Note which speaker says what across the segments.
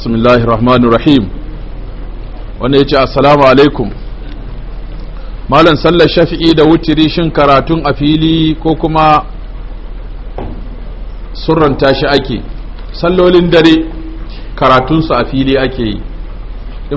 Speaker 1: bismillahir rahmanir rahim wanda yace assalamu alaikum malam sallar shafi'i da wutiri shin karatun a fili ko kuma surranta shi ake sallolin dare karatunsu a fili ake yi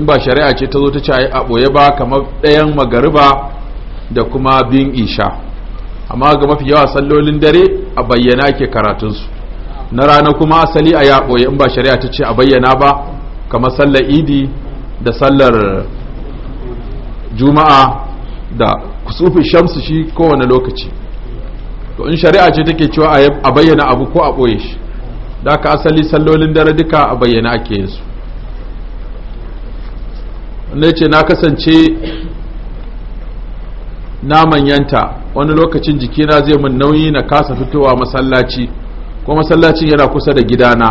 Speaker 1: in ba shari'a ce ta zo ta ce a ɓoye ba kamar ɗayan magariba da kuma bin isha amma ga mafi yawa sallolin dare a bayyana ke karatunsu na rana kuma asali a ya ɓoye in ba shari'a ta ce a bayyana ba kamar sallar idi da sallar juma'a da kusufi shamsu shi kowane lokaci to in shari'a ce take cewa a bayyana abu ko a ɓoye shi da aka asali sallolin dare duka a bayyana ake yin su wanda ce na kasance na manyanta wani lokacin jikina zai mun nauyi na kasa fitowa masallaci ko masallacin yana kusa da gidana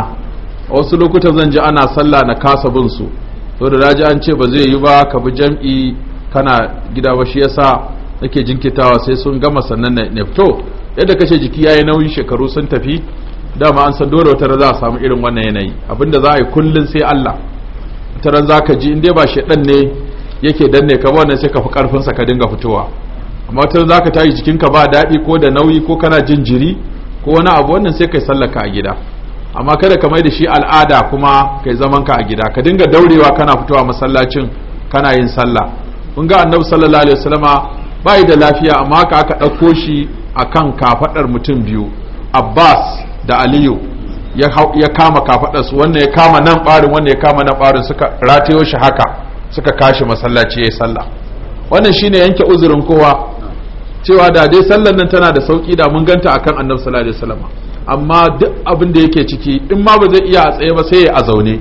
Speaker 1: a wasu lokutan zan ji ana sallah na kasa bin su to da raji an ce ba zai yi ba ka bi jam'i kana gida ba shi yasa nake jinkitawa sai sun gama sannan na fito yadda kace jiki yi nauyi shekaru sun tafi dama an san dole wata za a samu irin wannan yanayi abinda za a yi kullun sai Allah wata ran za ka ji in dai ba ɗan ne yake danne ka wannan sai ka fi karfin sa ka dinga fitowa amma ta za ka tayi jikinka ba daɗi ko da nauyi ko kana jin jiri ko wani abu wannan sai kai sallaka a gida amma kada ka mai da shi al'ada kuma kai zaman ka a gida ka dinga daurewa kana fitowa masallacin kana yin sallah kun ga annabi sallallahu alaihi wasallama bai da lafiya amma ka aka ɗauko shi akan kafadar mutum biyu Abbas da Aliyu ya kama kafadar su wannan ya kama nan barin wanda ya kama nan barin suka ratayo shi haka suka kashi masallaci yayi sallah wannan shine yanke uzurin kowa cewa da dai sallar nan tana da sauki da mun ganta akan annabi sallallahu alaihi wasallam amma duk abin da yake ciki in ma ba zai iya a tsaye ba sai ya a zaune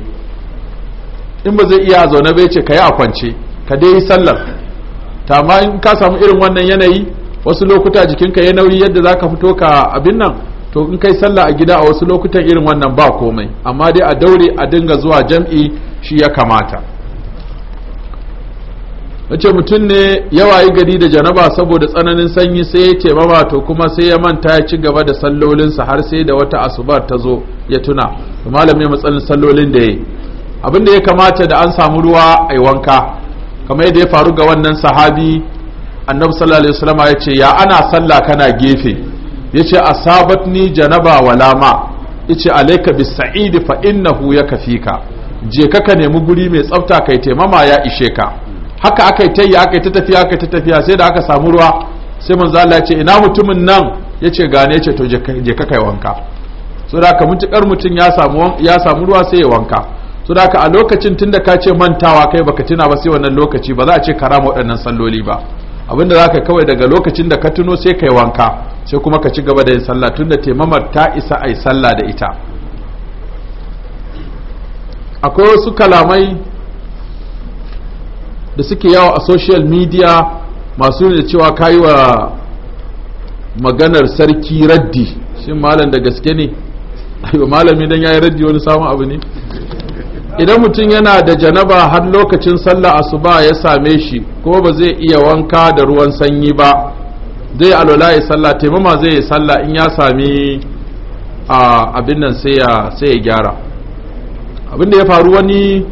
Speaker 1: in ba zai iya a zaune ba ya ce ka yi a kwance ka dai yi sallar ta ma in ka samu irin wannan yanayi wasu lokuta jikinka ya nauyi yadda za ka fito ka abin nan to in kai sallah a gida a wasu lokutan irin wannan ba komai amma dai a daure a dinga zuwa jam'i shi ya kamata Mace mutum ne yawa yi gari da janaba saboda tsananin sanyi sai ya taimama to kuma sai ya manta ya ci gaba da sallolinsa har sai da wata asubar ta zo ya tuna malamin matsalin sallolin da ya yi abin da ya kamata da an samu ruwa a wanka kamar yadda ya faru ga wannan sahabi annabi sallallahu alaihi wasallam ya ce ya ana sallah kana gefe yace asabatni janaba walama ma yace alayka bis ya fa innahu yakfika je ka ka nemi guri mai tsafta kai taimama ya ishe ka haka aka yi ta aka yi ta tafiya aka ta tafiya sai da aka samu ruwa sai manzo Allah ya ce ina mutumin nan ya ce gane ce to je ka kai wanka so da ka mutukar mutum ya samu ya samu ruwa sai ya wanka so da ka a lokacin tunda ka ce mantawa kai baka tuna ba sai wannan lokaci ba za a ce karama waɗannan salloli ba abinda za ka kawai daga lokacin da ka tuno sai kai wanka sai kuma ka ci gaba da yin sallah tunda taimamar ta isa ai sallah da ita akwai wasu kalamai da suke yawo a social media masu da cewa kayi wa maganar sarki raddi shin malam da gaske ne ayo malami dan yayi raddi wani samun abu ne idan mutum yana da janaba har lokacin sallah asuba ya same shi ko ba zai iya wanka da ruwan sanyi ba zai alwala ya sallah taimama zai sallah in ya sami abin nan sai ya gyara abin da ya faru wani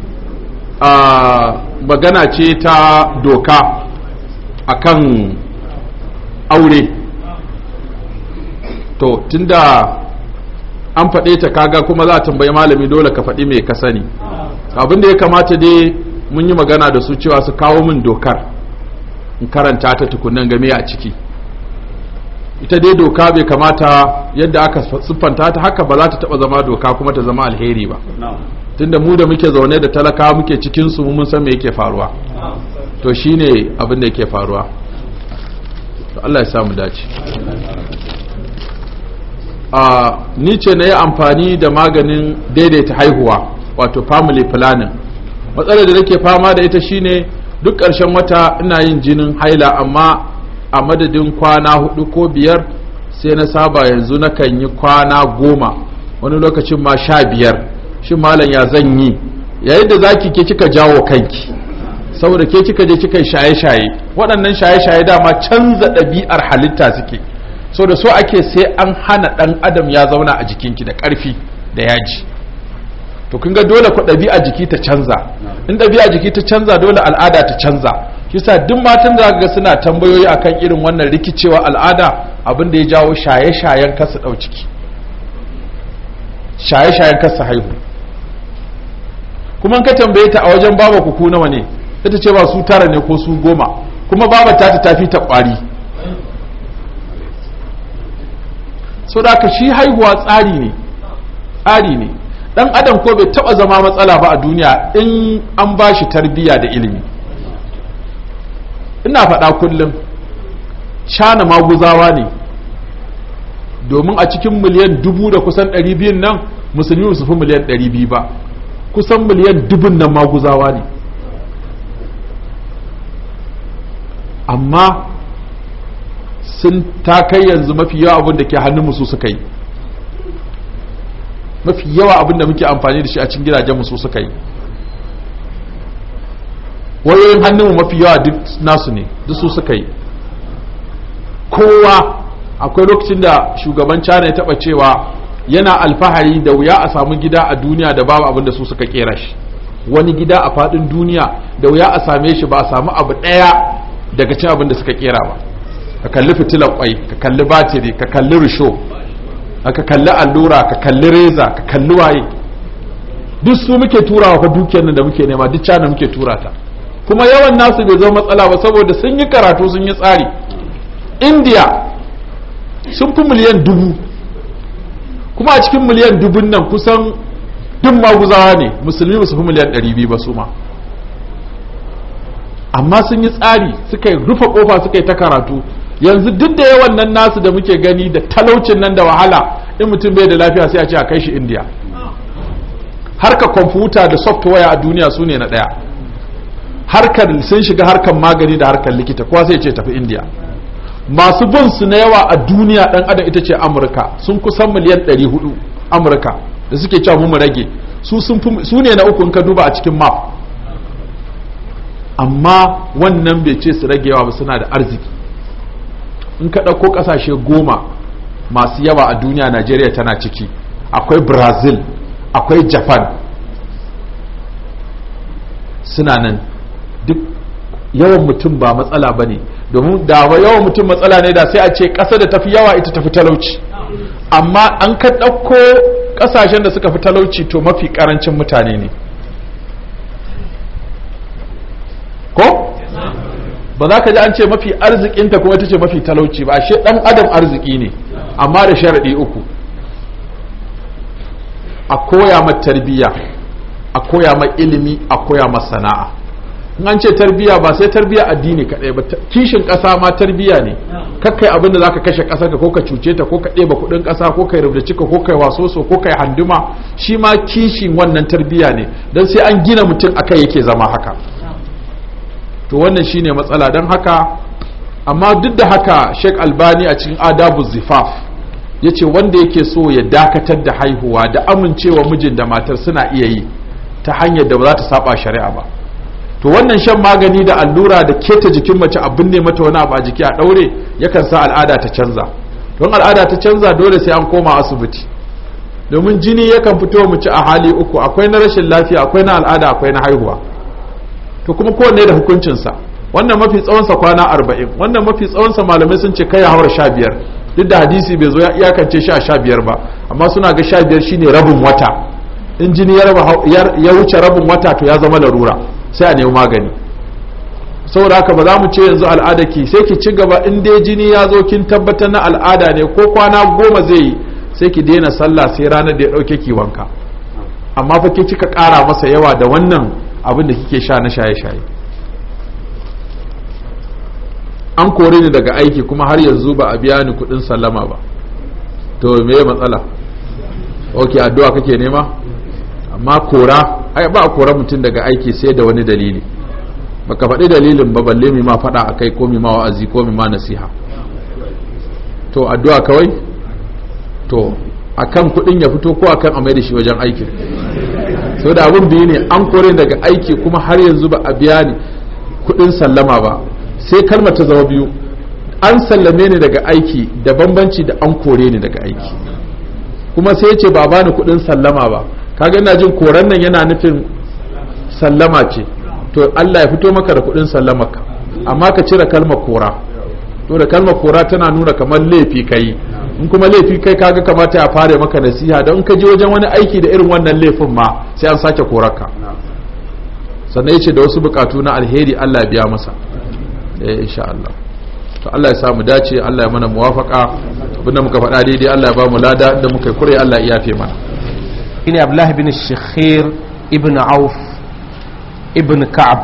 Speaker 1: magana ce ta doka akan aure to tunda an faɗe ta kaga kuma za a tambayi malami dole ka faɗi mai ka sani abin da ya kamata dai mun yi magana da su cewa su kawo min dokar in karanta ta tukunan game a ciki ita dai doka bai kamata yadda aka siffanta ta haka ba za ta taɓa zama doka kuma ta zama alheri ba tunda mu da muke zaune da talakawa muke cikin su mun san me yake faruwa to shine abin da yake faruwa to Allah ya samu dace a ni ce na yi amfani da maganin daidaita haihuwa wato family planning matsalar da nake fama da ita shine duk ƙarshen wata ina yin jinin haila amma a madadin kwana hudu ko biyar sai na saba yanzu na kan yi kwana goma wani lokacin ma sha biyar shin malam ya zan yi yayin da zaki ke kika jawo kanki saboda ke kika je kika shaye-shaye waɗannan shaye-shaye dama canza ɗabi'ar halitta suke so da so ake sai an hana ɗan adam ya zauna a jikinki da ƙarfi da yaji to kun ga dole ku ɗabi'a jiki ta canza in ɗabi'a jiki ta canza dole al'ada ta canza kisa duk matan da ga suna tambayoyi akan irin wannan rikicewa al'ada abin da ya jawo shaye-shayen kasa ɗau ciki shaye-shayen kasa haihu kuma ka tambaye ta a wajen baba ku ku nawa ne ta ce ba su tara ne ko su goma kuma baba ta ta tafi ta kwari so da ka shi haihuwa tsari ne tsari ne dan adam ko bai taba zama matsala ba a duniya in an ba shi tarbiyya da ilimi ina faɗa kullum shana maguzawa ne domin a cikin miliyan dubu da kusan ɗari biyun nan musulmi su fi miliyan ɗari biyu ba kusan miliyan dubun nan maguzawa ne amma sun ta kai yanzu mafi yawa abin da ke hannun su suka yi mafi yawa abin da muke amfani da shi a cikin gidajen su suka yi wayoyin hannunmu mafi yawa duk nasu ne duk su suka yi kowa akwai lokacin da shugaban cana ya taba cewa yana alfahari da wuya a samu gida a duniya da babu abin da su suka kera shi wani gida a faɗin duniya da wuya a same shi ba a samu abu ɗaya daga cin abin da suka kera ba ka kalli fitilar kwai ka kalli batiri ka kalli risho ka kalli allura ka kalli reza ka kalli waye duk su muke turawa fa dukiyar nan da muke nema duk cana muke tura ta kuma yawan nasu bai zama matsala ba saboda sun yi karatu sun yi tsari Indiya sun fi miliyan dubu kuma a cikin miliyan dubun nan kusan duk maguzawa ne musulmi ba su fi miliyan 200 ba su ma amma sun yi tsari suka rufe kofa suka yi ta karatu yanzu duk da yawan nan nasu da muke gani da talaucin nan da wahala in mutum bai da lafiya sai a ce a kai shi indiya Harkar kwamfuta da software a duniya su ne na ɗaya harkar sun shiga harkar magani da harkar likita kowa sai ce tafi indiya masu bin su na yawa a duniya dan adam ita ce amurka sun kusan miliyan 400 amurka da suke cewa mu mu rage su ne na uku in ka duba a cikin map amma wannan bai ce su rage yawa ba suna da arziki in ka ɗauko ƙasashe goma masu yawa a duniya najeriya tana ciki akwai brazil akwai japan suna nan duk yawan mutum ba matsala ba ne domin da yawan mutum matsala ne da sai a ce ƙasa da tafi yawa ita tafi talauci amma an ka ɗauko ƙasashen da suka fi talauci to mafi ƙarancin mutane ne ko ba za ka ji an ce mafi arzikinta kuma ita ce mafi talauci ba ashe ɗan adam arziki ne amma da sharaɗi uku a koya ma tarbiyya a koya ma ilimi a koya ma sana'a in an ce tarbiya ba sai tarbiya addini kaɗai ba kishin ƙasa ma tarbiya ne kakai abin da zaka kashe ƙasa ka ko ka cuce ta ko ka ba kuɗin ƙasa ko kai rubda cika ko kai wasoso ko kai handuma shi ma kishin wannan tarbiya ne don sai an gina mutum akai yake zama haka to wannan shine matsala don haka amma duk da haka Sheikh Albani a cikin Adabu Zifaf ya ce wanda yake so ya dakatar da haihuwa da amincewa mijin da matar suna iya yi ta hanyar da ba za ta saba shari'a ba to wannan shan magani da allura da keta jikin mace a ne mata wani abu a jiki a daure yakan sa al'ada ta canza don al'ada ta canza dole sai an koma asibiti domin jini yakan fito wa mace a hali uku akwai na rashin lafiya akwai na al'ada akwai na haihuwa to kuma kowanne da sa wannan mafi tsawonsa kwana arba'in wannan mafi tsawon sa malamai sun ce kai hawar sha biyar duk da hadisi bai zo ya iyakance shi a sha biyar ba amma suna ga sha biyar shine rabin wata in jini ya wuce rabin wata to ya zama larura sai a nemi magani saboda haka ba za mu ce yanzu al'ada ki sai ki ci gaba in dai jini ya zo kin tabbatar na al'ada ne ko kwana goma zai yi sai ki daina sallah sai ranar da ya dauke ki wanka amma fa ke kika kara masa yawa da wannan abin da kike sha na shaye-shaye an kore ni daga aiki kuma har yanzu ba a biya ni kuɗin sallama ba to me matsala ok addu'a kake nema amma kora ai ba kora mutum daga aiki sai da wani dalili baka faɗi dalilin ba balle mi ma faɗa a kai ko mi ma wa'azi ko mi ma nasiha to addu'a kawai to akan kuɗin ya fito ko akan amai da shi wajen aiki. so da abin biyu ne an kore daga aiki kuma har yanzu ba a biya ni kuɗin sallama ba sai kalmar ta zama biyu an sallame ni daga aiki da bambanci da an kore ni daga aiki kuma sai ce ba bani kuɗin sallama ba kaga ina jin koran nan yana nufin sallama ce to Allah ya fito maka da kuɗin sallamaka amma ka cire kalmar kora to da kalmar kora tana nuna kamar laifi kai in kuma laifi kai kaga kamata ya fara maka nasiha don in ka je wajen wani aiki da irin wannan laifin ma sai an sake korarka sannan yace da wasu bukatu na alheri Allah ya biya masa eh insha Allah to Allah ya sa mu dace Allah ya mana muwafaka abinda muka
Speaker 2: faɗa daidai Allah ya ba mu lada da muka kure Allah ya yafe mana shine abdullahi bin shikhir ibn auf ibn ka'ab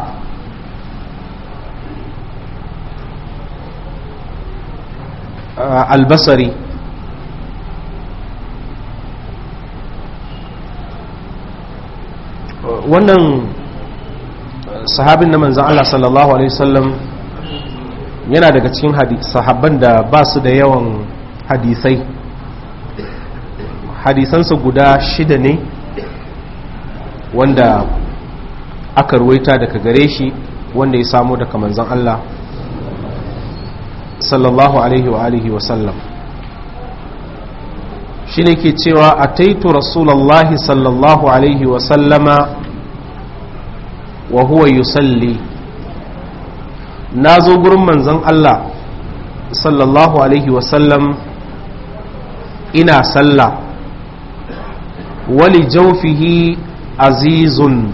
Speaker 2: uh, albasari uh, wannan uh, sahabin na manzan Allah sallallahu Alaihi wasallam yana daga cikin sahabban da ba su da yawan hadisai hadisansa guda shida ne wanda aka ruwaita daga gare shi wanda ya samo daga manzan Allah sallallahu alaihi wa alihi wa sallam shi ne ke cewa a taitu rasulallah sallallahu alaihi wa sallama wa huwa yusalli na zo gurin manzan Allah sallallahu alaihi wa sallam ina sallah wali jaufihi azizun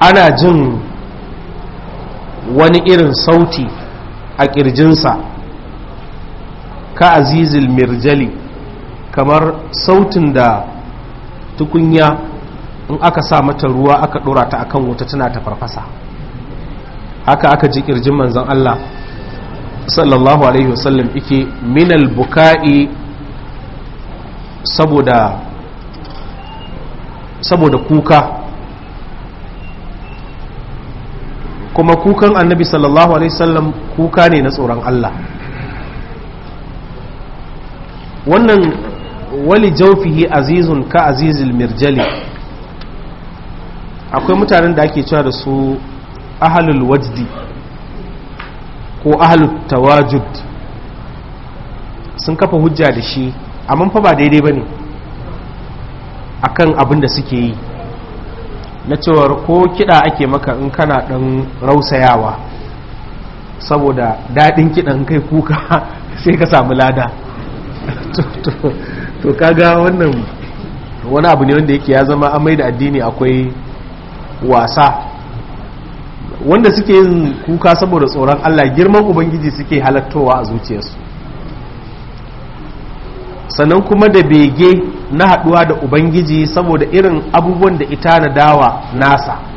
Speaker 2: ana jin wani irin sauti a ƙirjinsa ka azizil mirjali kamar sautin da tukunya in aka sa mata ruwa aka ɗora ta akan wuta tana ta farfasa haka aka ji ƙirjin manzon Allah sallallahu alaihi wasallam ike minal buka'i saboda saboda kuka kuma kukan annabi sallallahu alaihi sallam kuka ne na tsoron Allah wannan wali jaufihi azizun ka azizil mirjali akwai mutanen da ake cewa da su ahalul wajdi ko ahalul tawajud sun kafa hujja da shi amma fa ba daidai ba ne a abin da suke yi na cewar ko kiɗa ake maka in kana ɗan rausayawa saboda daɗin kiɗan kai kuka sai ka samu lada to kaga wannan wani abu ne wanda yake ya zama amai da addini akwai wasa wanda suke yin kuka saboda tsoron allah girman ubangiji suke halattowa a zuciyarsu sannan kuma da bege na haduwa da ubangiji saboda irin abubuwan da ita na dawa nasa